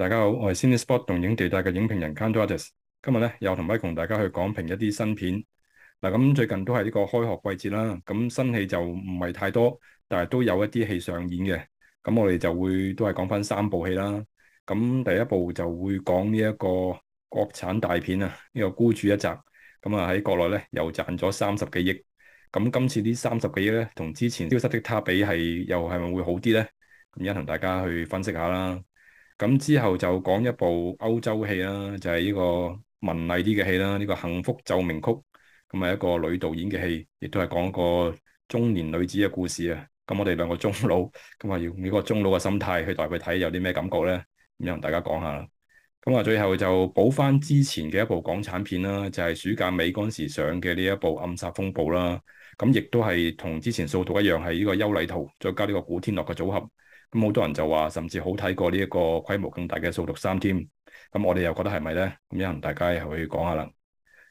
大家好，我係 CineSpot r 動映地帶嘅影評人 Kantorates，今日咧又同 Mike 同大家去講評一啲新片。嗱、啊，咁最近都係呢個開學季節啦，咁新戲就唔係太多，但係都有一啲戲上演嘅。咁我哋就會都係講翻三部戲啦。咁第一部就會講呢一個國產大片啊，呢、呢個孤注一擲，咁啊喺國內咧又賺咗三十幾億。咁今次呢三十幾億咧，同之前消失的他比係又係咪會好啲咧？咁一陣同大家去分析下啦。咁之後就講一部歐洲戲啦，就係、是、呢個文麗文藝啲嘅戲啦，呢個幸福晝鳴曲，咁係一個女導演嘅戲，亦都係講個中年女子嘅故事啊。咁、嗯、我哋兩個中老，咁話要呢個中老嘅心態去代佢睇，有啲咩感覺咧？咁、嗯、同大家講下啦。咁、嗯、啊，最後就補翻之前嘅一部港產片啦，就係、是、暑假尾嗰陣時上嘅呢一部《暗殺風暴》啦、嗯。咁、嗯、亦都係同之前掃毒一樣，係呢個邱禮濤，再加呢個古天樂嘅組合。咁好多人就話，甚至好睇過呢一個規模更大嘅《掃毒三》添。咁我哋又覺得係咪呢？咁樣大家又去講下啦。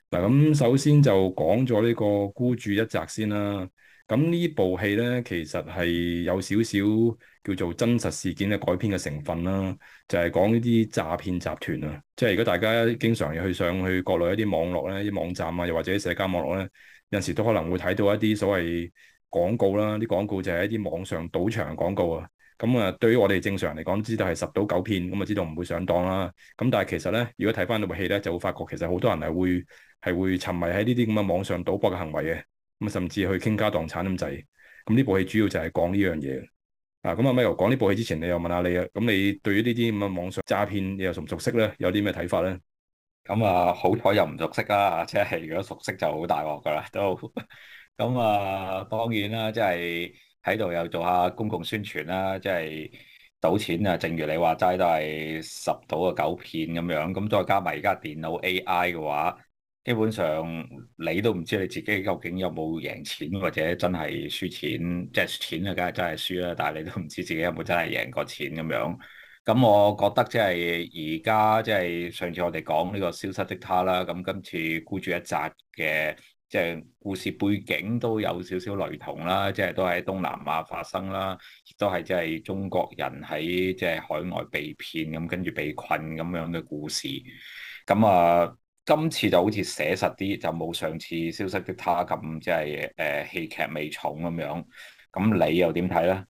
嗱，咁首先就講咗呢個孤注一擲先啦。咁呢部戲呢，其實係有少少叫做真實事件嘅改編嘅成分啦。就係講呢啲詐騙集團啊，即係如果大家經常去上去國內一啲網絡咧、啲網站啊，又或者社交網絡呢，有陣時都可能會睇到一啲所謂廣告啦。啲廣告就係一啲網上賭場廣告啊。咁啊，對於我哋正常嚟講，知道係十賭九騙，咁啊，知道唔會上當啦。咁但係其實咧，如果睇翻到部戲咧，就會發覺其實好多人係會係會沉迷喺呢啲咁嘅網上賭博嘅行為嘅，咁甚至去傾家蕩產咁滯。咁呢部戲主要就係講呢樣嘢啊。咁啊 Michael 講呢部戲之前，你又問下你啊，咁你對於呢啲咁嘅網上詐騙你又熟唔熟悉咧？有啲咩睇法咧？咁啊，好彩又唔熟悉啊。即係如果熟悉就好大鑊噶啦都好。咁 啊，當然啦，即係。喺度又做下公共宣傳啦，即係賭錢啊！正如你話齋，都係十賭個九騙咁樣。咁再加埋而家電腦 AI 嘅話，基本上你都唔知你自己究竟有冇贏錢，或者真係輸錢，即係輸錢啊，梗係真係輸啦。但係你都唔知自己有冇真係贏過錢咁樣。咁我覺得即係而家即係上次我哋講呢個消失的她啦。咁今次孤注一擲嘅。即係故事背景都有少少雷同啦，即係都喺東南亞發生啦，亦都係即係中國人喺即係海外被騙咁，跟住被困咁樣嘅故事。咁啊，今次就好似寫實啲，就冇上次消失的她咁，就是，即係誒戲劇味重咁樣。咁你又點睇咧？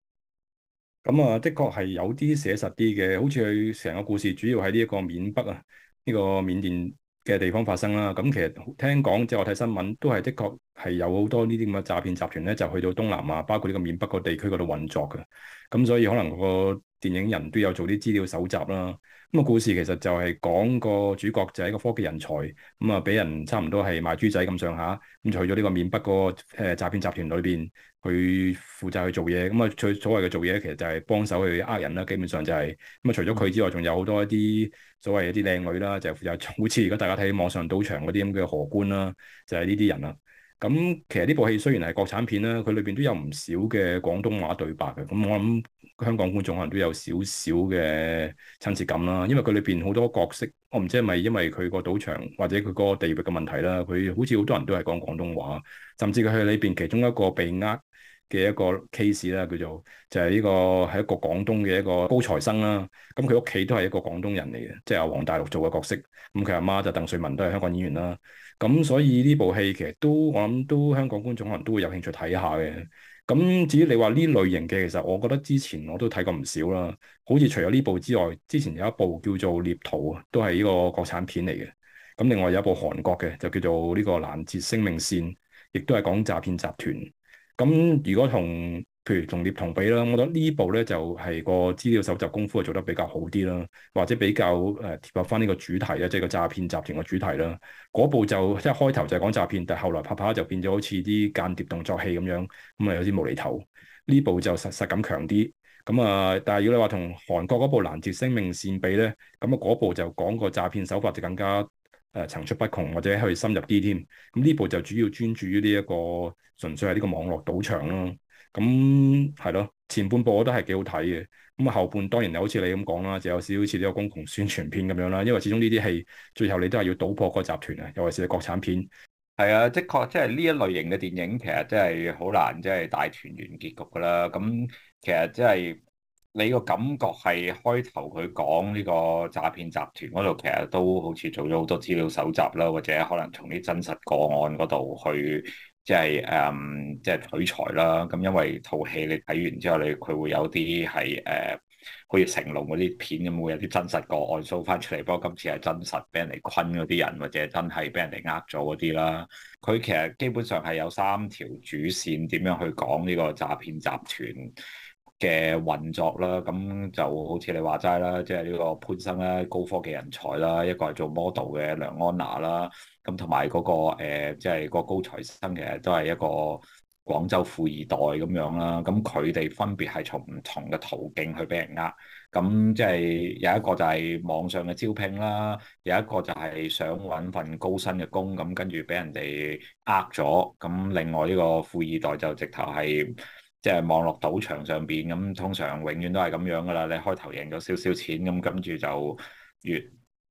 咁啊，的確係有啲寫實啲嘅，好似佢成個故事主要喺呢一個緬北啊，呢、這個緬甸。嘅地方發生啦，咁其實聽講即係我睇新聞都係的確係有好多呢啲咁嘅詐騙集團咧，就去到東南亞，包括呢個緬北個地區嗰度運作嘅，咁所以可能個電影人都有做啲資料搜集啦，咁、那、啊、個、故事其實就係講個主角就係一個科技人才，咁啊俾人差唔多係賣豬仔咁上下，咁就去咗呢個緬北嗰、那個誒詐騙集團裏邊，佢負責去做嘢，咁啊最所謂嘅做嘢其實就係幫手去呃人啦，基本上就係、是，咁啊除咗佢之外，仲有好多一啲所謂一啲靚女啦，就是、負責好似而家大家睇網上賭場嗰啲咁嘅荷官啦，就係呢啲人啦。咁其實呢部戲雖然係國產片啦，佢裏邊都有唔少嘅廣東話對白嘅，咁我諗、嗯。香港觀眾可能都有少少嘅親切感啦，因為佢裏邊好多角色，我唔知係咪因為佢個賭場或者佢嗰個地域嘅問題啦，佢好似好多人都係講廣東話，甚至佢喺裏邊其中一個被呃嘅一個 case 啦，叫做就係呢個係一個廣東嘅一個高材生啦，咁佢屋企都係一個廣東人嚟嘅，即係阿王大陸做嘅角色，咁佢阿媽就鄧萃雯都係香港演員啦，咁所以呢部戲其實都我諗都香港觀眾可能都會有興趣睇下嘅。咁至於你話呢類型嘅，其實我覺得之前我都睇過唔少啦。好似除咗呢部之外，之前有一部叫做《獵徒》，啊，都係呢個國產片嚟嘅。咁另外有一部韓國嘅，就叫做呢個《攔截生命線》，亦都係講詐騙集團。咁如果同譬如同《獵同》比啦，我覺得部呢部咧就係、是、個資料搜集功夫係做得比較好啲啦，或者比較誒貼、呃、合翻呢個主題啊，即係個詐騙集團嘅主題啦。嗰部就一開頭就講詐騙，但係後來拍拍就變咗好似啲間諜動作戲咁樣，咁啊有啲無厘頭。呢部就實實感強啲，咁啊，但係如果你話同韓國嗰部攔聲《攔截生命線》比咧，咁啊嗰部就講個詐騙手法就更加誒層、呃、出不窮，或者去深入啲添。咁呢部就主要專注於呢一個純粹係呢個網絡賭場咯。咁係咯，前半部我都係幾好睇嘅。咁、嗯、後半當然又好似你咁講啦，就有少少似呢個公共宣傳片咁樣啦。因為始終呢啲戲，最後你都係要搗破個集團啊，尤其是國產片。係啊，的確，即係呢一類型嘅電影，其實真係好難，即係大團圓結局噶啦。咁其實即係你個感覺係開頭佢講呢個詐騙集團嗰度，其實都好似做咗好多資料搜集啦，或者可能從啲真實個案嗰度去。即係誒、嗯，即係取材啦。咁因為套戲你睇完之後，你佢會有啲係誒，呃，好似成龍嗰啲片咁，會有啲真實個案 show 翻出嚟。不過今次係真實，俾人哋困嗰啲人，或者真係俾人哋呃咗嗰啲啦。佢其實基本上係有三條主線，點樣去講呢個詐騙集團嘅運作啦，咁就好似你話齋啦，即係呢個潘生啦，高科技人才啦，一個係做 model 嘅梁安娜啦，咁同埋嗰個誒，即係個高材生其實都係一個廣州富二代咁樣啦，咁佢哋分別係從唔同嘅途徑去俾人呃，咁即係有一個就係網上嘅招聘啦，有一個就係想揾份高薪嘅工，咁跟住俾人哋呃咗，咁另外呢個富二代就直頭係。即係網絡賭場上邊咁，通常永遠都係咁樣噶啦。你開頭贏咗少少錢咁，跟住就越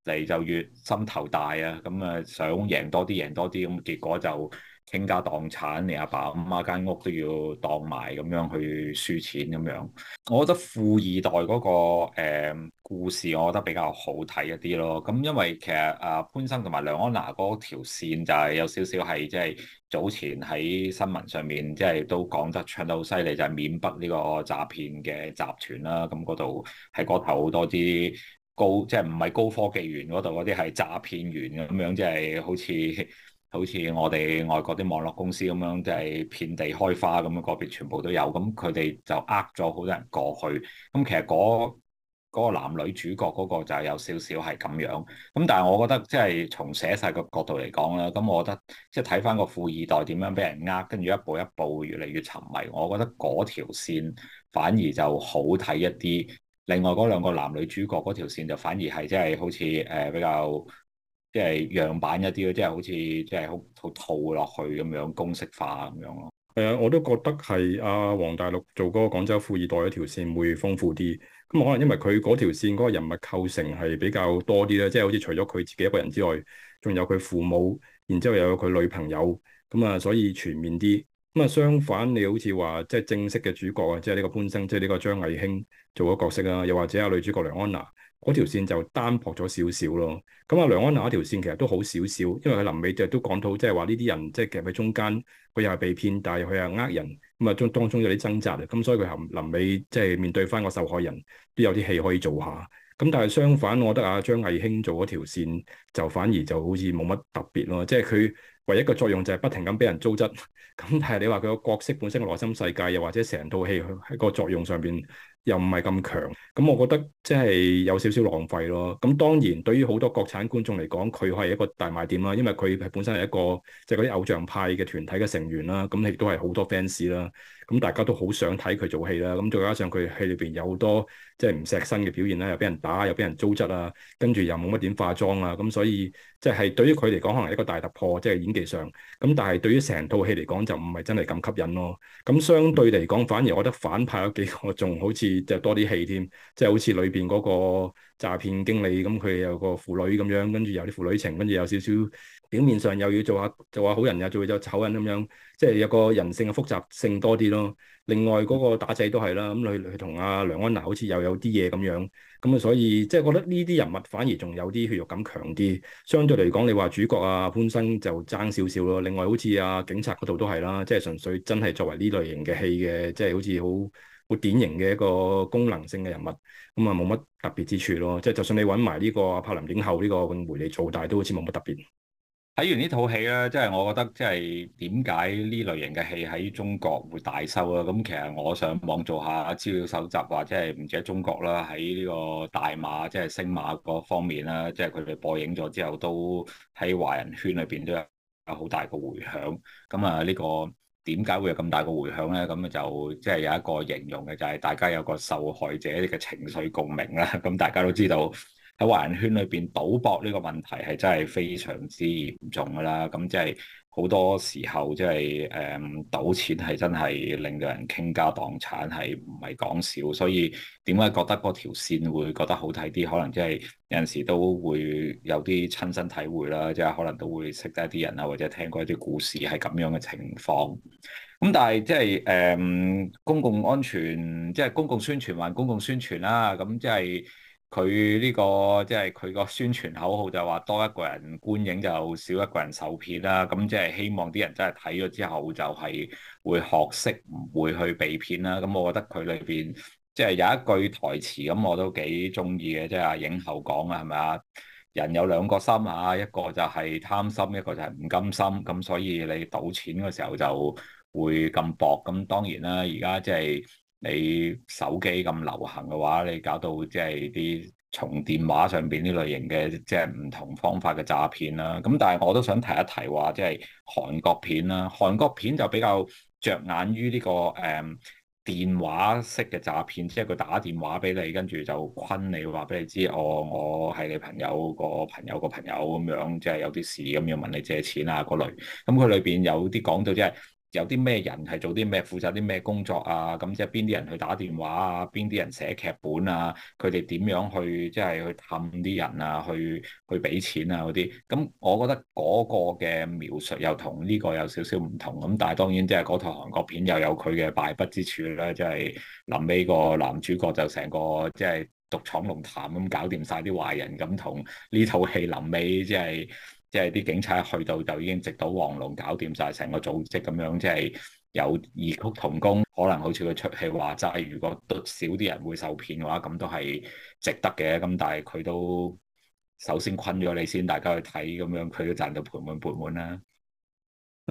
嚟就越心頭大啊！咁啊，想贏多啲，贏多啲咁，結果就傾家蕩產，你阿爸阿媽間屋都要當埋咁樣去輸錢咁樣。我覺得富二代嗰、嗰個、欸故事我覺得比較好睇一啲咯，咁因為其實啊，潘生同埋梁安娜嗰條線就係有少少係，即係早前喺新聞上面即係都講得唱得好犀利，就係緬北呢個詐騙嘅集團啦，咁嗰度係嗰頭好多啲高即係唔係高科技員嗰度嗰啲係詐騙員咁樣，即係好似好似我哋外國啲網絡公司咁樣，即係遍地開花咁樣嗰邊全部都有，咁佢哋就呃咗好多人過去，咁其實嗰嗰個男女主角嗰個就有少少係咁樣，咁但係我覺得即係從寫晒嘅角度嚟講啦，咁我覺得即係睇翻個富二代點樣俾人呃，跟住一步一步越嚟越沉迷，我覺得嗰條線反而就好睇一啲。另外嗰兩個男女主角嗰條線就反而係即係好似誒比較即係樣板一啲咯，即係好似即係好好套落去咁樣公式化咁樣咯。係啊，我都覺得係阿王大陸做嗰個廣州富二代嗰條線會豐富啲。咁可能因為佢嗰條線嗰、嗰個人物構成係比較多啲咧，即係好似除咗佢自己一個人之外，仲有佢父母，然之後又有佢女朋友，咁、嗯、啊，所以全面啲。咁、嗯、啊，相反你好似話即係正式嘅主角啊，即係呢個潘生，即係呢個張藝興做嘅角色啊，又或者啊女主角梁安娜，嗰條線就單薄咗少少咯。咁、嗯、阿梁安娜一條線其實都好少少，因為佢臨尾就都講到即係話呢啲人即係、就是、其實喺中間，佢又係被騙，但係佢又呃人。咁、嗯、啊，中當中有啲掙扎咁、嗯、所以佢臨尾即係面對翻個受害人，都有啲戲可以做下。咁、嗯、但係相反，我覺得阿張藝興做嗰條線就反而就好似冇乜特別咯。即係佢唯一個作用就係不停咁俾人糟質。咁、嗯、但係你話佢個角色本身內心世界，又或者成套戲喺個作用上邊，又唔係咁強，咁我覺得即係有少少浪費咯。咁當然對於好多國產觀眾嚟講，佢係一個大賣點啦，因為佢係本身係一個即係嗰啲偶像派嘅團體嘅成員啦，咁亦都係好多 fans 啦。咁大家都好想睇佢做戲啦。咁再加上佢戲裏邊有好多即係唔錫身嘅表現啦，又俾人打，又俾人糟質啊，跟住又冇乜點化妝啊，咁所以即係對於佢嚟講可能一個大突破，即係演技上。咁但係對於成套戲嚟講就唔係真係咁吸引咯。咁相對嚟講，反而我覺得反派有幾個仲好似，就多啲戲添，即係好似裏邊嗰個詐騙經理咁，佢有個父女咁樣，跟住有啲父女情，跟住有少少表面上又要做下做下好人，又做做醜人咁樣，即係有個人性嘅複雜性多啲咯。另外嗰個打仔都係啦，咁佢佢同阿梁安娜好似又有啲嘢咁樣，咁啊，所以即係覺得呢啲人物反而仲有啲血肉感強啲。相對嚟講，你話主角啊潘生就爭少少咯。另外好似啊警察嗰度都係啦，即係純粹真係作為呢類型嘅戲嘅，即係好似好。好典型嘅一個功能性嘅人物，咁啊冇乜特別之處咯。即係就算你揾埋呢個柏林影后呢個詠梅嚟做大，都好似冇乜特別。睇完呢套戲咧，即係我覺得即係點解呢類型嘅戲喺中國會大收啦？咁其實我上網做下資料搜集，或者係唔止喺中國啦，喺呢個大馬即係星馬嗰方面啦，即係佢哋播映咗之後，都喺華人圈裏邊都有好大個迴響。咁啊呢個。點解會有咁大個迴響咧？咁啊就即係有一個形容嘅，就係大家有個受害者嘅情緒共鳴啦。咁大家都知道喺華人圈裏邊，賭博呢個問題係真係非常之嚴重㗎喇。咁即係。好多時候，就是，即係誒，賭錢係真係令到人傾家蕩產，係唔係講笑。所以點解覺得嗰條線會覺得好睇啲？可能即係有陣時都會有啲親身體會啦，即係可能都會識得一啲人啊，或者聽過一啲故事係咁樣嘅情況。咁但係即係誒，公共安全即係、就是、公共宣傳還公共宣傳啦，啊。咁即係。佢呢個即係佢個宣傳口號就話多一個人觀影就少一個人受騙啦，咁即係希望啲人真係睇咗之後就係會學識唔會去被騙啦。咁我覺得佢裏邊即係有一句台詞咁我都幾中意嘅，即係阿影后講啊，係咪啊？人有兩個心啊，一個就係貪心，一個就係唔甘心。咁所以你賭錢嘅時候就會咁薄。咁當然啦，而家即係。你手機咁流行嘅話，你搞到即係啲從電話上邊呢類型嘅即係唔同方法嘅詐騙啦。咁但係我都想提一提話，即係韓國片啦。韓國片就比較着眼於呢個誒電話式嘅詐騙，即係佢打電話俾你，跟住就昆你，話俾你知哦，我我係你朋友個朋友個朋友咁樣，即係有啲事咁樣問你借錢啦嗰類。咁佢裏邊有啲講到即係。有啲咩人係做啲咩，負責啲咩工作啊？咁即係邊啲人去打電話啊？邊啲人寫劇本啊？佢哋點樣去即係、就是、去氹啲人啊？去去俾錢啊嗰啲？咁我覺得嗰個嘅描述又同呢個有少少唔同咁，但係當然即係嗰套韓國片又有佢嘅敗筆之處啦。即係臨尾個男主角就成個即係獨闖龍潭咁搞掂晒啲壞人，咁同呢套戲臨尾即係。即係啲警察去到就已經直搗黃龍搞掂晒成個組織咁樣，即係有異曲同工。可能好似佢出戲話齋，如果少啲人會受騙嘅話，咁都係值得嘅。咁但係佢都首先困咗你先，大家去睇咁樣，佢都賺到盆滿缽滿啦。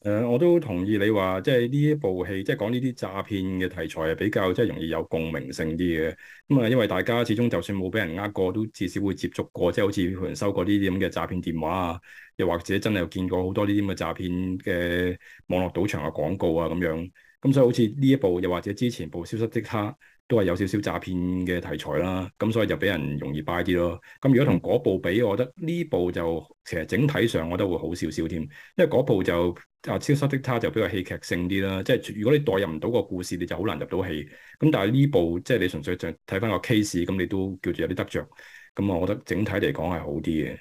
誒，uh, 我都同意你話，即係呢一部戲，即係講呢啲詐騙嘅題材係比較即係容易有共鳴性啲嘅。咁啊，因為大家始終就算冇俾人呃過，都至少會接觸過，即係好似有人收過呢啲咁嘅詐騙電話啊，又或者真係有見過好多呢啲咁嘅詐騙嘅網絡賭場嘅廣告啊，咁樣。咁所以好似呢一部，又或者之前部《消失的她》。都係有少少詐騙嘅題材啦，咁所以就俾人容易 buy 啲咯。咁如果同嗰部比，我覺得呢部就其實整體上我都會好少少添，因為嗰部就啊《消失的他》就比較戲劇性啲啦，即係如果你代入唔到個故事，你就好難入到戲。咁但係呢部即係你純粹就睇翻個 case，咁你都叫做有啲得着。咁我覺得整體嚟講係好啲嘅。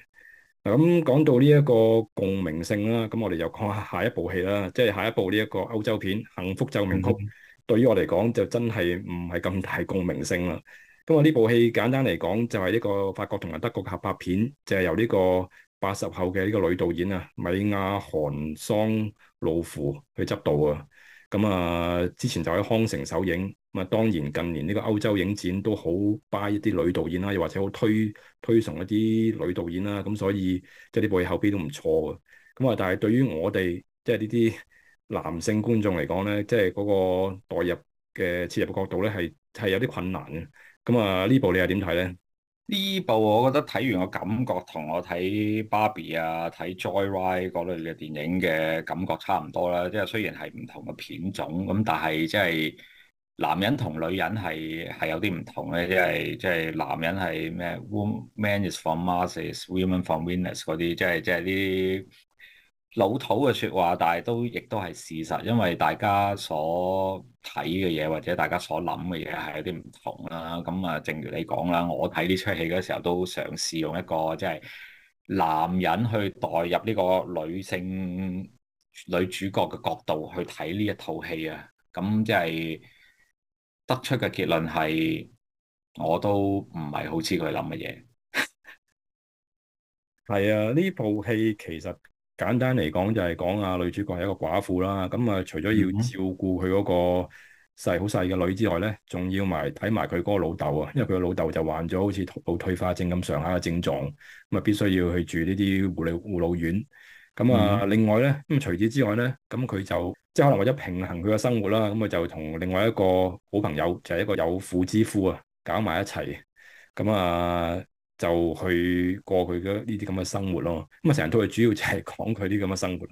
咁講到呢一個共鳴性啦，咁我哋又講一下下一部戲啦，即係下一部呢一個歐洲片《幸福晝鳴曲》mm。Hmm. 對於我嚟講，就真係唔係咁大共鳴性啦。咁啊，呢部戲簡單嚟講，就係一個法國同埋德國嘅合拍片，就係由呢個八十後嘅呢個女導演啊，米亞韓桑露芙去執導啊。咁啊，之前就喺康城首映。咁啊，當然近年呢個歐洲影展都好 buy 一啲女導演啦，又或者好推推崇一啲女導演啦。咁所以即係呢部戲後邊都唔錯嘅。咁啊，但係對於我哋即係呢啲。就是男性觀眾嚟講咧，即係嗰個代入嘅切入角度咧，係係有啲困難嘅。咁啊，呢部你又點睇咧？呢部我覺得睇完個感覺同我睇 Barbie 啊、睇 Joyride 嗰類嘅電影嘅感覺差唔多啦。即係雖然係唔同嘅片種，咁但係即係男人同女人係係有啲唔同咧。即係即係男人係咩 Women is for Mars women for Venus 嗰啲，即係即係啲。老土嘅説話，但係都亦都係事實，因為大家所睇嘅嘢或者大家所諗嘅嘢係有啲唔同啦。咁啊，正如你講啦，我睇呢出戲嘅時候都嘗試用一個即係、就是、男人去代入呢個女性女主角嘅角度去睇呢一套戲啊。咁即係得出嘅結論係，我都唔係好似佢諗嘅嘢。係 啊，呢部戲其實～簡單嚟講就係講啊女主角係一個寡婦啦，咁啊除咗要照顧佢嗰個細好細嘅女之外咧，仲要埋睇埋佢嗰個老豆啊，因為佢個老豆就患咗好似腦退化症咁上下嘅症狀，咁啊必須要去住呢啲護理護老院。咁啊另外咧，咁除此之外咧，咁佢就即係可能為咗平衡佢嘅生活啦，咁啊就同另外一個好朋友就係一個有婦之夫啊搞埋一齊。咁啊～就去過佢嘅呢啲咁嘅生活咯，咁啊成日都係主要就係講佢啲咁嘅生活。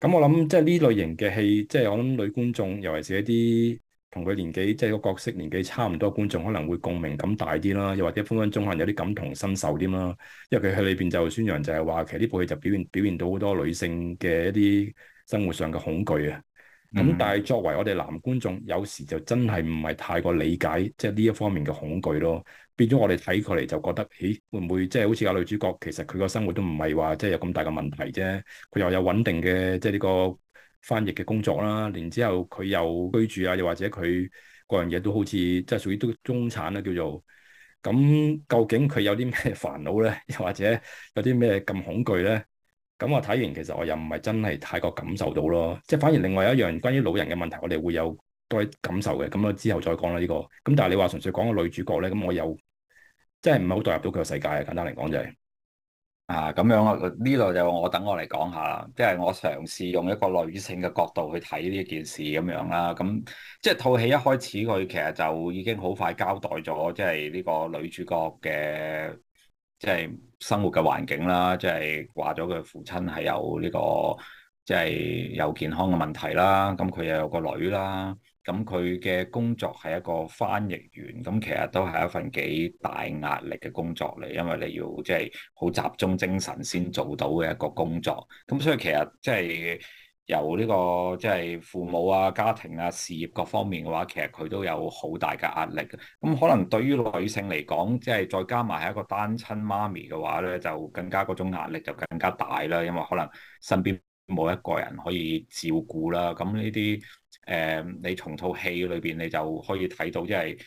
咁我諗即係呢類型嘅戲，即係我諗女觀眾，尤其是一啲同佢年紀即係個角色年紀差唔多嘅觀眾，可能會共鳴感大啲啦，又或者分分鐘可能有啲感同身受啲啦。因為佢喺裏邊就宣揚就係話，其實呢部戲就表現表現到好多女性嘅一啲生活上嘅恐懼啊。咁、嗯、但係作為我哋男觀眾，有時就真係唔係太過理解即係呢一方面嘅恐懼咯。變咗我哋睇佢嚟就覺得，咦、欸，會唔會即係、就是、好似個女主角，其實佢個生活都唔係話即係有咁大嘅問題啫？佢又有穩定嘅即係呢個翻譯嘅工作啦，然之後佢又居住啊，又或者佢各樣嘢都好似即係屬於都中產啦、啊，叫做咁。究竟佢有啲咩煩惱咧？又或者有啲咩咁恐懼咧？咁我睇完其實我又唔係真係太過感受到咯，即係反而另外一樣關於老人嘅問題，我哋會有多啲感受嘅。咁我之後再講啦，呢個。咁但係你話純粹講個女主角咧，咁我又。即係唔係好代入到佢嘅世界啊！簡單嚟講就係、是、啊，咁樣啊呢度，就我等我嚟講下啦，即係我嘗試用一個女性嘅角度去睇呢件事咁樣啦。咁即係套戲一開始佢其實就已經好快交代咗，即係呢個女主角嘅即係生活嘅環境啦，即係話咗佢父親係有呢、這個即係有健康嘅問題啦，咁佢又有個女啦。咁佢嘅工作係一個翻譯員，咁其實都係一份幾大壓力嘅工作嚟，因為你要即係好集中精神先做到嘅一個工作。咁所以其實即係由呢個即係父母啊、家庭啊、事業各方面嘅話，其實佢都有好大嘅壓力。咁可能對於女性嚟講，即係再加埋係一個單親媽咪嘅話咧，就更加嗰種壓力就更加大啦。因為可能身邊冇一個人可以照顧啦，咁呢啲。誒、嗯，你從套戲裏邊，你就可以睇到，即係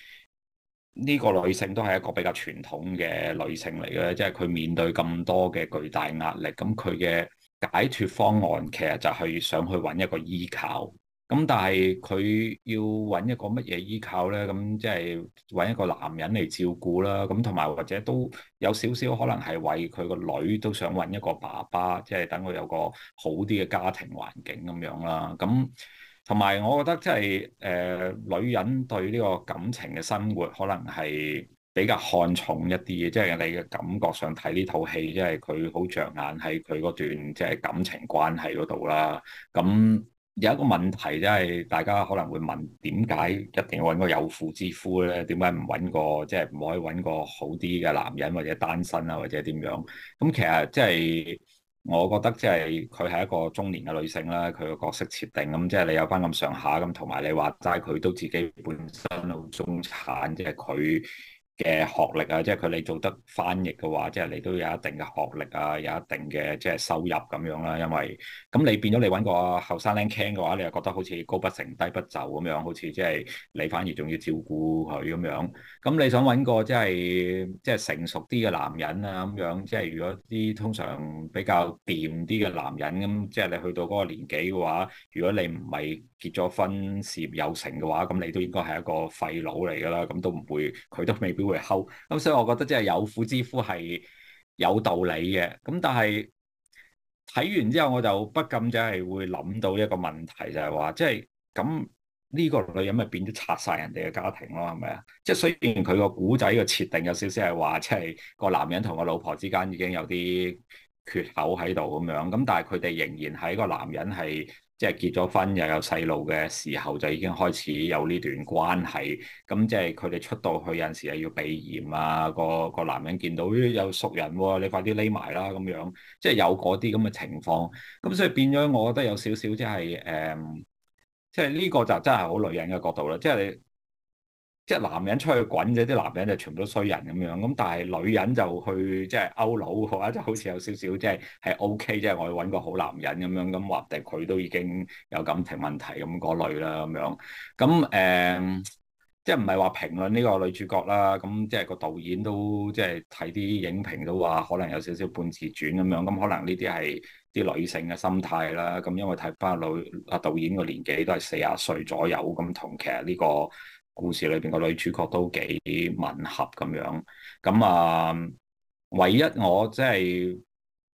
呢個女性都係一個比較傳統嘅女性嚟嘅，即係佢面對咁多嘅巨大壓力，咁佢嘅解脫方案其實就係想去揾一個依靠。咁但係佢要揾一個乜嘢依靠呢？咁即係揾一個男人嚟照顧啦。咁同埋或者都有少少可能係為佢個女都想揾一個爸爸，即係等佢有個好啲嘅家庭環境咁樣啦。咁同埋，我覺得即係誒女人對呢個感情嘅生活，可能係比較看重一啲嘅，即係你嘅感覺上睇呢套戲，即係佢好着眼喺佢嗰段即係感情關係嗰度啦。咁有一個問題，即係大家可能會問，點解一定要揾個有婦之夫咧？點解唔揾個即係唔可以揾個好啲嘅男人，或者單身啊，或者點樣？咁其實即係。我覺得即係佢係一個中年嘅女性啦，佢個角色設定咁，即係你有翻咁上下咁，同埋你話齋佢都自己本身好中產，即係佢。嘅學歷啊，即係佢哋做得翻譯嘅話，即係你都有一定嘅學歷啊，有一定嘅即係收入咁樣啦，啊。因為咁你變咗你揾個後生僆 c 嘅話，你又覺得好似高不成低不就咁樣，好似即係你反而仲要照顧佢咁樣。咁你想揾個即係即係成熟啲嘅男人啊咁樣，即係如果啲通常比較掂啲嘅男人咁，即係你去到嗰個年紀嘅話，如果你唔係，結咗婚事業有成嘅話，咁你都應該係一個廢佬嚟㗎啦，咁都唔會，佢都未必會溝。咁所以，我覺得即係有婦之夫係有道理嘅。咁但係睇完之後，我就不禁就係會諗到一個問題就，就係話即係咁呢個女人咪變咗拆晒人哋嘅家庭咯，係咪啊？即係雖然佢個古仔嘅設定有少少係話，即係個男人同個老婆之間已經有啲缺口喺度咁樣，咁但係佢哋仍然係一個男人係。即係結咗婚又有細路嘅時候，就已經開始有呢段關係。咁即係佢哋出到去有陣時又要避嫌啊！個個男人見到有熟人喎，你快啲匿埋啦咁樣。即係有嗰啲咁嘅情況。咁所以變咗，我覺得有少少即係誒，即係呢個就真係好女人嘅角度啦。即係你。即係男人出去滾啫，啲男人就全部都衰人咁樣。咁但係女人就去即係勾佬嘅話，就好似有少少即係係 O K，即係我要搵個好男人咁樣咁，話定佢都已經有感情問題咁嗰類啦咁樣。咁誒、呃，即係唔係話評論呢個女主角啦。咁即係個導演都即係睇啲影評都話可能有少少半自傳咁樣。咁可能呢啲係啲女性嘅心態啦。咁因為睇翻女阿導演個年紀都係四十歲左右咁，同其實呢、這個。故事裏邊個女主角都幾吻合咁樣，咁啊，唯一我即係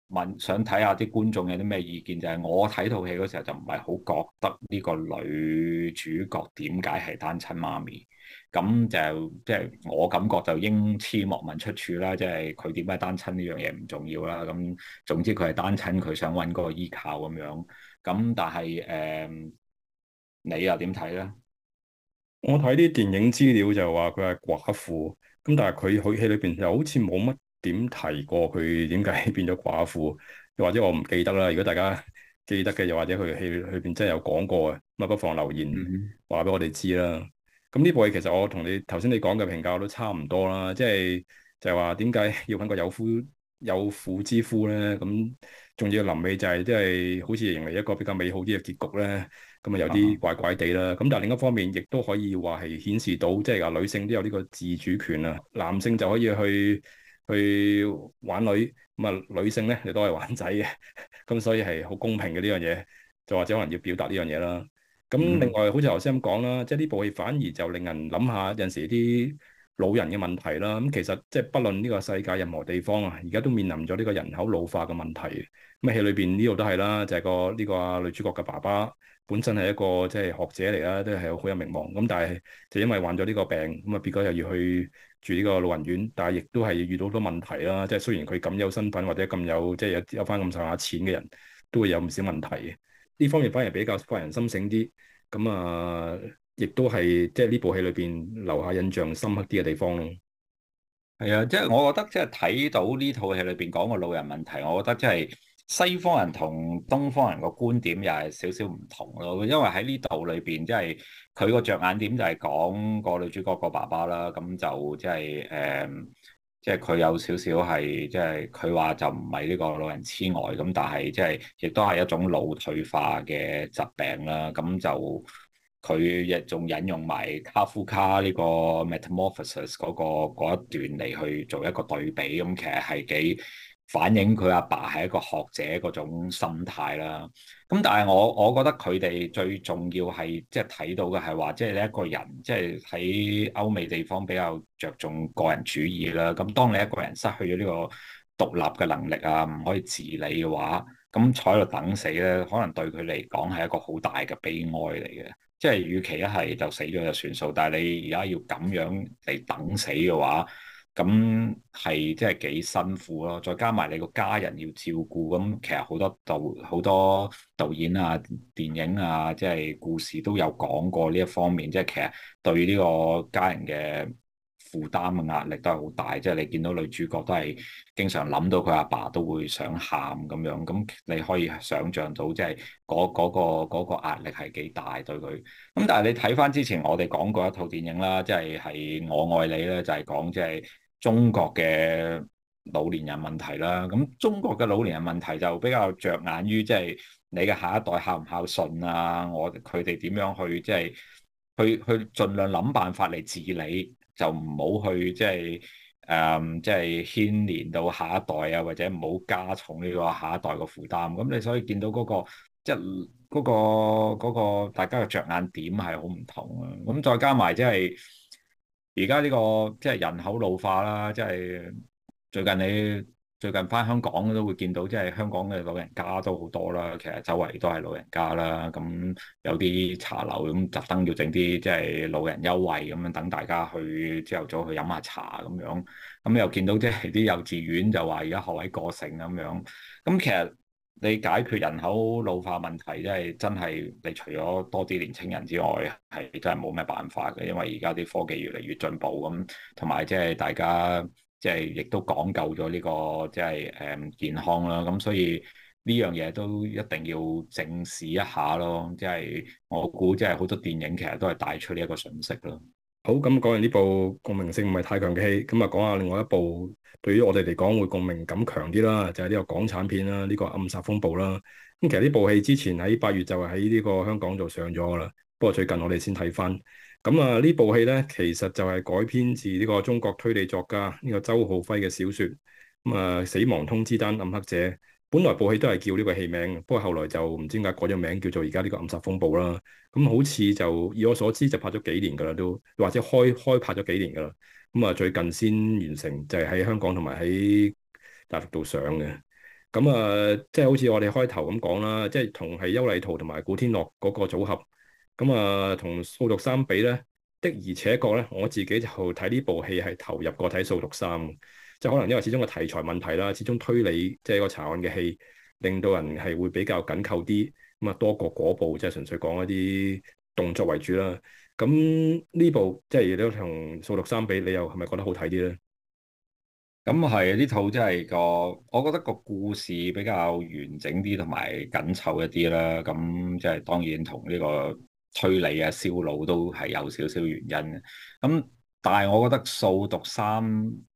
問，想睇下啲觀眾有啲咩意見，就係、是、我睇套戲嗰時候就唔係好覺得呢個女主角點解係單親媽咪，咁就即係、就是、我感覺就英雄莫問出處啦，即係佢點解單親呢樣嘢唔重要啦，咁總之佢係單親，佢想搵個依靠咁樣，咁但係誒、嗯，你又點睇咧？我睇啲電影資料就話佢係寡婦，咁但係佢喺戲裏邊又好似冇乜點提過佢點解變咗寡婦，又或者我唔記得啦。如果大家記得嘅，又或者佢戲裏邊真係有講過嘅，咁不妨留言話俾我哋知啦。咁呢、嗯、部戲其實我同你頭先你講嘅評價都差唔多啦，即係就係話點解要揾個有夫？有婦之夫咧，咁仲要臨尾就係即係好似迎嚟一個比較美好啲嘅結局咧，咁啊有啲怪怪地啦。咁、uh huh. 但係另一方面，亦都可以話係顯示到即係話，女性都有呢個自主權啊，男性就可以去去玩女，咁啊女性咧，亦都係玩仔嘅，咁所以係好公平嘅呢樣嘢，就或者可能要表達呢樣嘢啦。咁另外，uh huh. 好似頭先咁講啦，即係呢部戲反而就令人諗下有陣時啲。老人嘅問題啦，咁其實即係不論呢個世界任何地方啊，而家都面臨咗呢個人口老化嘅問題。咁戲裏邊呢度都係啦，就係、是、個呢、這個啊女主角嘅爸爸，本身係一個即係學者嚟啦，都係好有名望。咁但係就因為患咗呢個病，咁啊變咗又要去住呢個老人院，但係亦都係遇到好多問題啦。即係雖然佢咁有身份或者咁有即係有有返咁上下錢嘅人，都會有唔少問題。呢方面反而比較發人深省啲。咁、嗯、啊～、呃亦都係即係呢部戲裏邊留下印象深刻啲嘅地方咯。係啊，即係我覺得即係睇到呢套戲裏邊講個老人問題，我覺得即係西方人同東方人個觀點又係少少唔同咯。因為喺呢度裏邊、就是，即係佢個着眼點就係講個女主角個爸爸啦。咁就即係誒，即係佢有少少係即係佢話就唔係呢個老人痴呆咁，但係即係亦都係一種腦退化嘅疾病啦。咁就。佢亦仲引用埋卡夫卡呢個 Metamorphosis 嗰個嗰一段嚟去做一個對比，咁其實，係幾反映佢阿爸係一個學者嗰種心態啦。咁但係我我覺得佢哋最重要係即係睇到嘅係話即係你一個人即係喺歐美地方比較着重個人主義啦。咁當你一個人失去咗呢個獨立嘅能力啊，唔可以自理嘅話，咁坐喺度等死咧，可能對佢嚟講係一個好大嘅悲哀嚟嘅。即係與其一係就死咗就算數，但係你而家要咁樣嚟等死嘅話，咁係即係幾辛苦咯。再加埋你個家人要照顧，咁其實好多導好多導演啊、電影啊，即係故事都有講過呢一方面，即係其實對呢個家人嘅。負擔嘅壓力都係好大，即係你見到女主角都係經常諗到佢阿爸都會想喊咁樣，咁你可以想像到即係嗰嗰個壓力係幾大對佢。咁但係你睇翻之前我哋講過一套電影啦，即係係《我愛你》咧，就係講即係中國嘅老年人問題啦。咁中國嘅老年人問題就比較着眼於即係你嘅下一代孝唔孝順啊，我佢哋點樣去即係去去盡量諗辦法嚟治理，就唔好去即係誒，即係牽連到下一代啊，或者唔好加重呢個下一代嘅負擔。咁你所以見到嗰個一嗰個嗰個大家嘅着眼點係好唔同啊。咁再加埋即係而家呢個即係人口老化啦，即係最近你。最近返香港都會見到，即係香港嘅老人家都好多啦。其實周圍都係老人家啦，咁有啲茶樓咁特登要整啲即係老人優惠咁樣等大家去朝頭早去飲下茶咁樣。咁又見到即係啲幼稚園就話而家學位過剩咁樣。咁其實你解決人口老化問題，即係真係你除咗多啲年青人之外，係真係冇咩辦法嘅。因為而家啲科技越嚟越進步咁，同埋即係大家。即係亦都講究咗呢、這個即係誒、嗯、健康啦，咁所以呢樣嘢都一定要正視一下咯。即係我估，即係好多電影其實都係帶出呢一個信息咯。好，咁講完呢部共鳴性唔係太強嘅戲，咁啊講下另外一部對於我哋嚟講會共鳴感強啲啦，就係、是、呢個港產片啦，呢、這個《暗殺風暴》啦。咁其實呢部戲之前喺八月就喺呢個香港就上咗啦，不過最近我哋先睇返。咁啊，呢部戲咧其實就係改編自呢個中國推理作家呢、這個周浩暉嘅小說，咁、嗯、啊《死亡通知單》暗黑者，本來部戲都係叫呢個戲名，不過後來就唔知點解改咗名，叫做而家呢個《暗殺風暴》啦。咁、嗯、好似就以我所知就拍咗幾年噶啦，都或者開開拍咗幾年噶啦。咁、嗯、啊、嗯、最近先完成，就係、是、喺香港同埋喺大陸度上嘅。咁、嗯、啊、嗯，即係好似我哋開頭咁講啦，即係同係邱禮濤同埋古天樂嗰個組合。咁啊，同、嗯，《掃六三掃毒3》比咧，的而且確咧，我自己就睇呢部戲係投入過睇《掃六三掃毒3》。即係可能因為始終個題材問題啦，始終推理即係個查案嘅戲，令到人係會比較緊扣啲。咁啊，多過嗰部即係純粹講一啲動作為主啦。咁呢部即係亦都同《掃六三掃毒3》比，你又係咪覺得好睇啲咧？咁係呢套真係個，我覺得個故事比較完整啲同埋緊湊一啲啦。咁即係當然同呢、這個。推理啊、燒腦都係有少少原因嘅，咁、嗯、但係我覺得《掃毒三》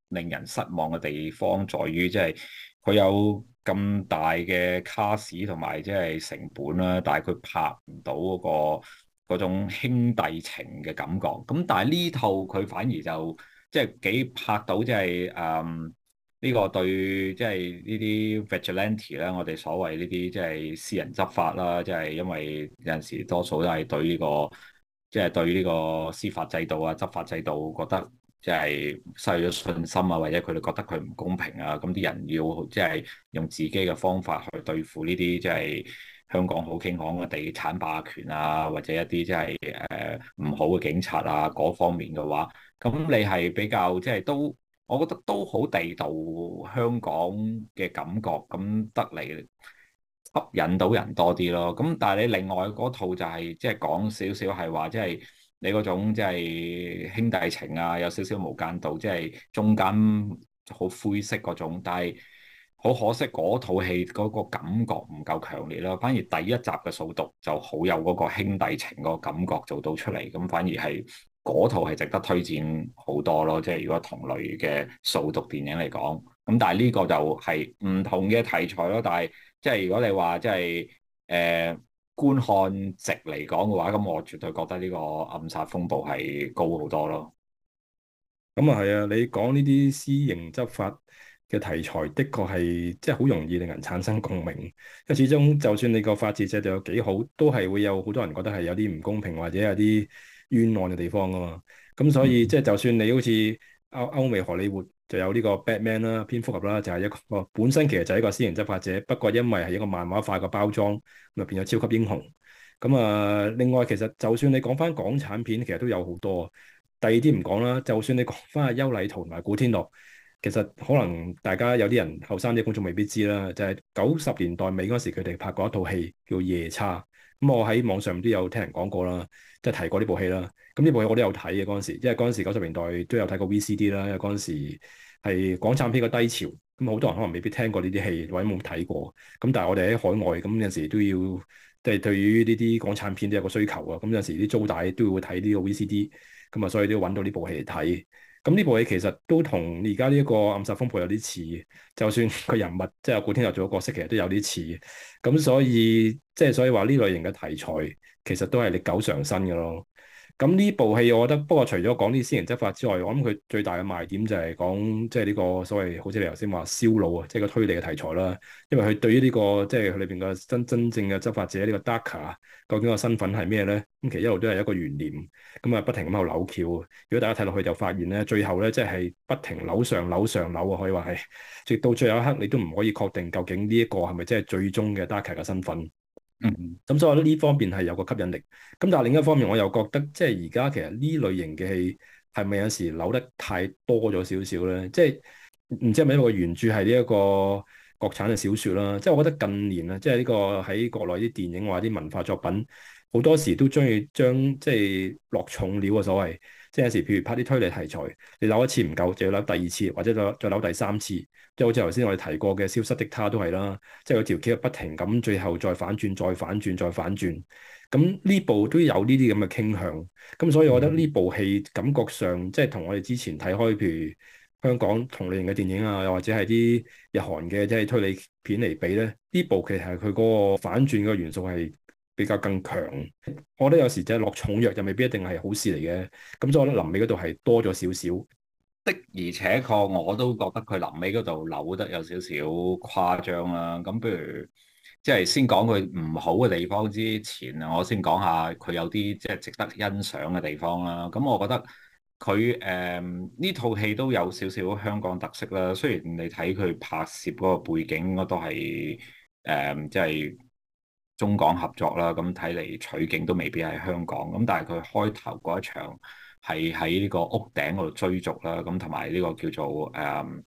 令人失望嘅地方，在於即係佢有咁大嘅卡士同埋即係成本啦、啊，但係佢拍唔到嗰、嗰個嗰種兄弟情嘅感覺。咁、嗯、但係呢套佢反而就即係、即係、幾拍到即係誒。嗯呢個對即係呢啲 vigilante 啦，我哋所謂呢啲即係私人執法啦，即係因為有陣時多數都係對呢個即係對呢個司法制度啊、執法制度覺得即係失去咗信心啊，或者佢哋覺得佢唔公平啊，咁啲人要即係用自己嘅方法去對付呢啲即係香港好傾向嘅地產霸權啊，或者一啲即係誒唔好嘅警察啊嗰方面嘅話，咁你係比較即係都。我覺得都好地道香港嘅感覺，咁得嚟吸引到人多啲咯。咁但係你另外嗰套就係即係講少少係話，即係你嗰種即係兄弟情啊，有少少無間道，即係中間好灰色嗰種。但係好可惜嗰套戲嗰個感覺唔夠強烈咯，反而第一集嘅掃毒就好有嗰個兄弟情個感覺做到出嚟，咁反而係。嗰套係值得推薦好多咯，即係如果同類嘅掃毒電影嚟講，咁但係呢個就係唔同嘅題材咯。但係即係如果你話即係誒、呃、觀看值嚟講嘅話，咁我絕對覺得呢個暗殺風暴係高好多咯。咁啊係啊，你講呢啲私刑執法嘅題材，的確係即係好容易令人產生共鳴，因為始終就算你個法治制度有幾好，都係會有好多人覺得係有啲唔公平或者有啲。冤案嘅地方啊嘛，咁所以、嗯、即係就算你好似歐歐美荷里活就有呢個 Batman 啦、蝙蝠俠啦，就係、是、一個本身其實就係一個私人執法者，不過因為係一個漫畫化嘅包裝，咪變咗超級英雄。咁啊、呃，另外其實就算你講返港產片，其實都有好多。第二啲唔講啦，嗯、就算你講返阿邱禮濤同埋古天樂，其實可能大家有啲人後生啲觀眾未必知啦，就係九十年代尾嗰時佢哋拍過一套戲叫《夜叉》。咁我喺網上都有聽人講過啦，即係提過呢部戲啦。咁呢部戲我都有睇嘅嗰陣時，因為嗰陣時九十年代都有睇過 VCD 啦。因為嗰陣時係港產片嘅低潮，咁好多人可能未必聽過呢啲戲，或者冇睇過。咁但係我哋喺海外，咁有陣時都要即係、就是、對於呢啲港產片都有個需求啊。咁有陣時啲租帶都會睇呢個 VCD，咁啊，所以都要揾到呢部戲嚟睇。咁呢部戲其實都同而家呢一個暗殺風暴有啲似，就算個人物即係古天樂做嘅角色其實都有啲似，咁所以即係、就是、所以話呢類型嘅題材其實都係歷久常新嘅咯。咁呢部戲，我覺得不過除咗講啲私刑執法之外，我諗佢最大嘅賣點就係講即係呢個所謂好似你頭先話燒腦啊，即係個推理嘅題材啦。因為佢對於呢個即係佢裏邊個真真正嘅執法者呢個 Darker，究竟個身份係咩咧？咁其實一路都係一個懸念，咁啊不停咁喺度扭橋。如果大家睇落去就發現咧，最後咧即係不停扭上扭上扭，啊，可以話係，直到最後一刻你都唔可以確定究竟呢一個係咪即係最終嘅 Darker 嘅身份。嗯，咁所以我覺得呢方面係有個吸引力，咁但係另一方面我又覺得即係而家其實呢類型嘅戲係咪有時扭得太多咗少少咧？即係唔知係咪一個原著係呢一個國產嘅小說啦？即係我覺得近年啊，即係呢個喺國內啲電影或者啲文化作品，好多時都中意將即係落重料啊，所謂。即有陣時，譬如拍啲推理題材，你扭一次唔夠，就要扭第二次，或者再再扭第三次。即係好似頭先我哋提過嘅《消失的她》都係啦。即係嗰條橋不停咁，最後再反轉、再反轉、再反轉。咁呢部都有呢啲咁嘅傾向。咁所以我覺得呢部戲感覺上、嗯、即係同我哋之前睇開，譬如香港同類型嘅電影啊，又或者係啲日韓嘅即係推理片嚟比咧，呢部其實係佢嗰個反轉嘅元素係比較更強，我覺得有時即係落重藥就未必一定係好事嚟嘅。咁所以，我覺得臨尾嗰度係多咗少少。的而且確我都覺得佢臨尾嗰度扭得有少少誇張啦、啊。咁不如，即係先講佢唔好嘅地方之前啊，我先講下佢有啲即係值得欣賞嘅地方啦、啊。咁我覺得佢誒呢套戲都有少少香港特色啦。雖然你睇佢拍攝嗰個背景，我都係誒即係。就是中港合作啦，咁睇嚟取景都未必喺香港，咁但係佢開頭嗰一場係喺呢個屋頂嗰度追逐啦，咁同埋呢個叫做誒、嗯，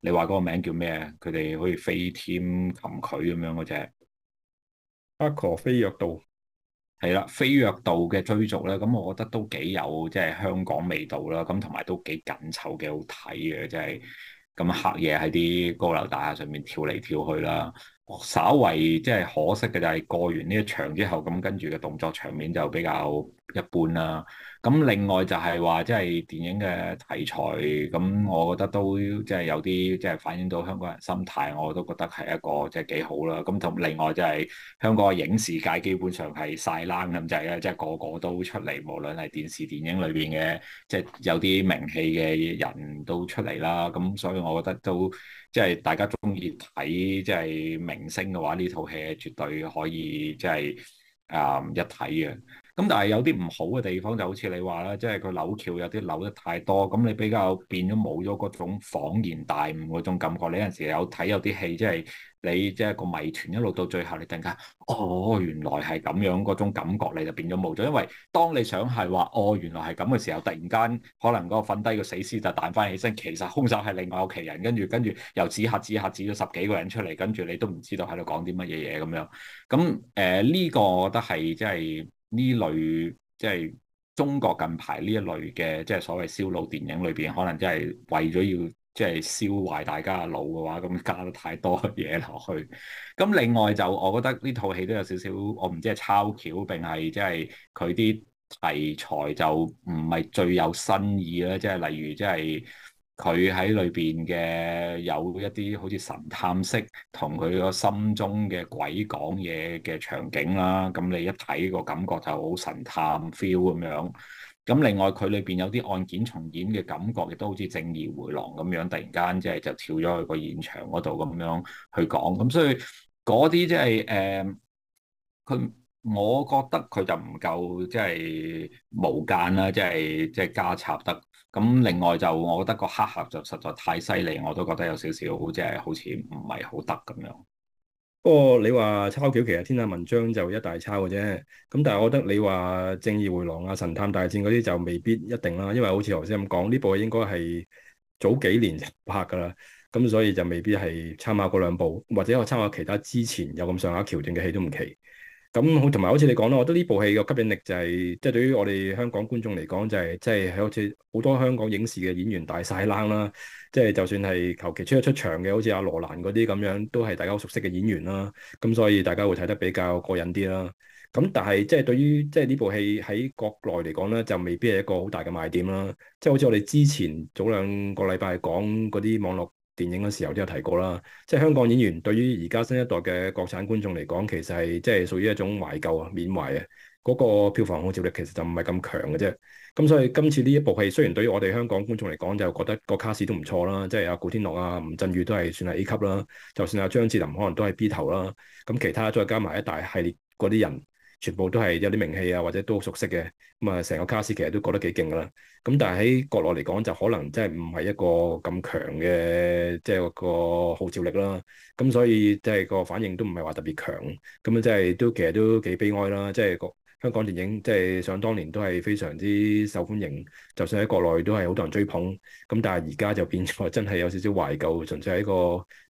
你話嗰個名叫咩？佢哋好似飛天琴佢咁樣嗰隻。阿喬飛躍道係啦，飛躍道嘅追逐啦。咁我覺得都幾有即係、就是、香港味道啦，咁同埋都幾緊湊，幾好睇嘅，即係咁黑夜喺啲高樓大廈上面跳嚟跳去啦。稍為即係可惜嘅就係、是、過完呢一場之後，咁跟住嘅動作場面就比較一半啦、啊，咁另外就係話，即係電影嘅題材，咁我覺得都即係有啲即係反映到香港人心態，我都覺得係一個即係幾好啦。咁同另外即係香港嘅影視界基本上係晒冷咁滯啊，即係個個都出嚟，無論係電視、電影裏邊嘅即係有啲名氣嘅人都出嚟啦。咁所以我覺得都即係大家中意睇即係明星嘅話，呢套戲絕對可以即係啊一睇嘅。咁、嗯、但係有啲唔好嘅地方，就好似你話啦，即係佢扭橋有啲扭得太多，咁你比較變咗冇咗嗰種恍然大悟嗰種感覺。你有陣時有睇有啲戲，即係你即係個謎團一路到最後，你突然間哦原來係咁樣嗰種感覺，你就變咗冇咗。因為當你想係話哦原來係咁嘅時候，突然間可能嗰個瞓低個死屍就彈翻起身，其實兇手係另外有其他人，跟住跟住又指下指下指咗十幾個人出嚟，跟住你都唔知道喺度講啲乜嘢嘢咁樣。咁誒呢個我覺得係即係。呢類即係中國近排呢一類嘅即係所謂燒腦電影裏邊，可能即係為咗要即係燒壞大家腦嘅話，咁加得太多嘢落去。咁另外就我覺得呢套戲都有少少，我唔知係抄橋，定係即係佢啲題材就唔係最有新意啦，即係例如即係。佢喺裏邊嘅有一啲好似神探式，同佢個心中嘅鬼講嘢嘅場景啦。咁你一睇個感覺就好神探 feel 咁樣。咁另外佢裏邊有啲案件重演嘅感覺，亦都好似正義回廊咁樣，突然間即係就跳咗去個現場嗰度咁樣去講。咁所以嗰啲即係誒，佢、呃、我覺得佢就唔夠即係、即係、無間啦，即係即係加插得。咁另外就，我覺得個黑客就實在太犀利，我都覺得有少少好似係好似唔係好得咁樣。不過你話抄橋，其實天下文章就一大抄嘅啫。咁但係我覺得你話正義回廊啊、神探大戰嗰啲就未必一定啦，因為好似頭先咁講，呢部應該係早幾年拍㗎啦，咁所以就未必係參考嗰兩部，或者我參考其他之前有咁上下橋段嘅戲都唔奇。咁同埋好似你講啦，我覺得呢部戲嘅吸引力就係，即係對於我哋香港觀眾嚟講就係，即係好似好多香港影視嘅演員大晒冷啦，即係就算係求其出一出場嘅，好似阿羅蘭嗰啲咁樣，都係大家好熟悉嘅演員啦。咁所以大家會睇得比較過癮啲啦。咁但係即係對於即係呢部戲喺國內嚟講咧，就未必係一個好大嘅賣點啦。即係好似我哋之前早兩個禮拜講嗰啲網絡。電影嘅時候都有提過啦，即係香港演員對於而家新一代嘅國產觀眾嚟講，其實係即係屬於一種懷舊啊、緬懷啊，嗰個票房號召力其實就唔係咁強嘅啫。咁所以今次呢一部戲雖然對於我哋香港觀眾嚟講，就覺得個卡士都唔錯啦，即係阿古天樂啊、吳鎮宇都係算係 A 級啦，就算阿張智霖可能都係 B 頭啦，咁其他再加埋一大系列嗰啲人。全部都係有啲名氣啊，或者都熟悉嘅。咁啊，成個卡司其實都覺得幾勁噶啦。咁但係喺國內嚟講，就可能真係唔係一個咁強嘅，即係個號召力啦。咁所以即係個反應都唔係話特別強。咁啊，即係都其實都幾悲哀啦。即係個香港電影，即係想當年都係非常之受歡迎，就算喺國內都係好多人追捧。咁但係而家就變咗真係有少少懷舊，純粹係一個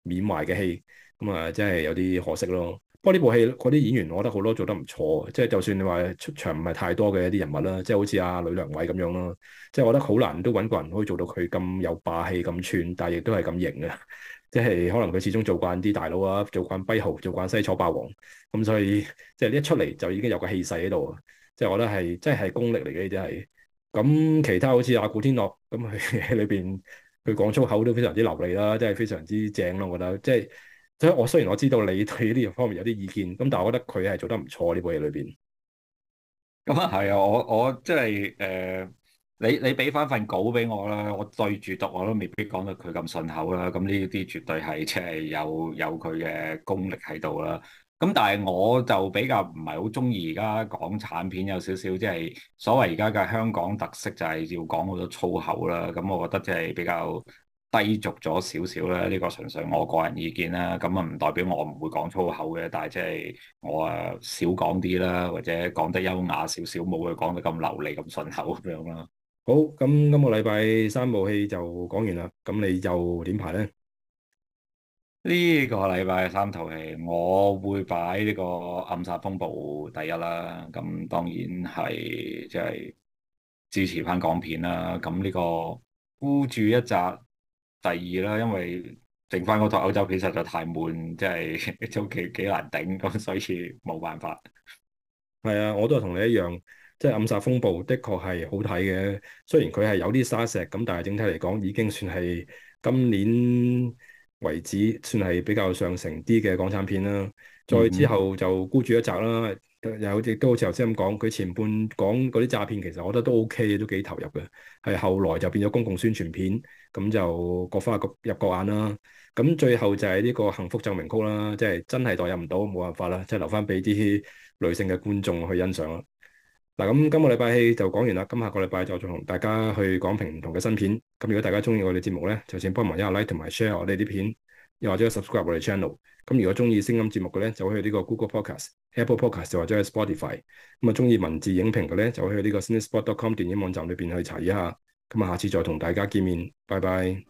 緬懷嘅戲。咁啊，真係有啲可惜咯。不過呢部戲嗰啲演員，我覺得好多做得唔錯，即係就算你話出場唔係太多嘅一啲人物啦，即係好似阿呂良偉咁樣咯，即係我覺得好難都揾個人可以做到佢咁有霸氣咁串，但係亦都係咁型啊！即係可能佢始終做慣啲大佬啊，做慣跛豪，做慣西楚霸王，咁所以即係一出嚟就已經有個氣勢喺度，即係我覺得係真係功力嚟嘅，真係。咁其他好似阿古天樂咁，佢裏邊佢講粗口都非常之流利啦，真係非常之正咯，我覺得即係。就是所以我雖然我知道你對呢啲方面有啲意見，咁但係我覺得佢係做得唔錯呢部嘢裏邊。咁啊係啊，我我即係誒，你你俾翻份稿俾我啦，我對住讀我都未必講得佢咁順口啦。咁呢啲絕對係即係有有佢嘅功力喺度啦。咁但係我就比較唔係好鍾意而家港產片有少少即係所謂而家嘅香港特色就係要講好多粗口啦。咁我覺得即係比較。低俗咗少少啦，呢個純粹我個人意見啦。咁啊唔代表我唔會講粗口嘅，但係即係我啊少講啲啦，或者講得優雅少少，冇佢講得咁流利咁順口咁樣啦。好，咁今個禮拜三部戲就講完啦。咁你就點排呢？呢個禮拜三套戲，我會擺呢個《暗殺風暴》第一啦。咁當然係即係支持翻港片啦。咁呢個孤注一擲第二啦，因為剩翻嗰套歐洲片實在太悶，即係都幾幾難頂，咁所以冇辦法。係啊，我都係同你一樣，即係《暗殺風暴》的確係好睇嘅，雖然佢係有啲沙石，咁但係整體嚟講已經算係今年為止算係比較上乘啲嘅港產片啦。再之後就孤注一擲啦。嗯又好似都好似頭先咁講，佢前半講嗰啲詐騙，其實我覺得都 OK，都幾投入嘅。係後來就變咗公共宣傳片，咁就各花入各眼啦。咁最後就係呢個幸福晝鳴曲啦，即係真係代入唔到，冇辦法啦，即係留翻俾啲女性嘅觀眾去欣賞啦。嗱，咁今個禮拜戲就講完啦，今下個禮拜就同大家去講評唔同嘅新片。咁如果大家中意我哋節目咧，就請幫忙一下 like 同埋 share 我哋啲片，又或者 subscribe 我哋 channel。咁如果中意聲音節目嘅咧，就去呢個 Google Podcast、Apple Podcast，或者係 Spotify。咁啊，中意文字影評嘅咧，就去呢個 Cinespot.com 電影網站裏邊去查一下。咁啊，下次再同大家見面，拜拜。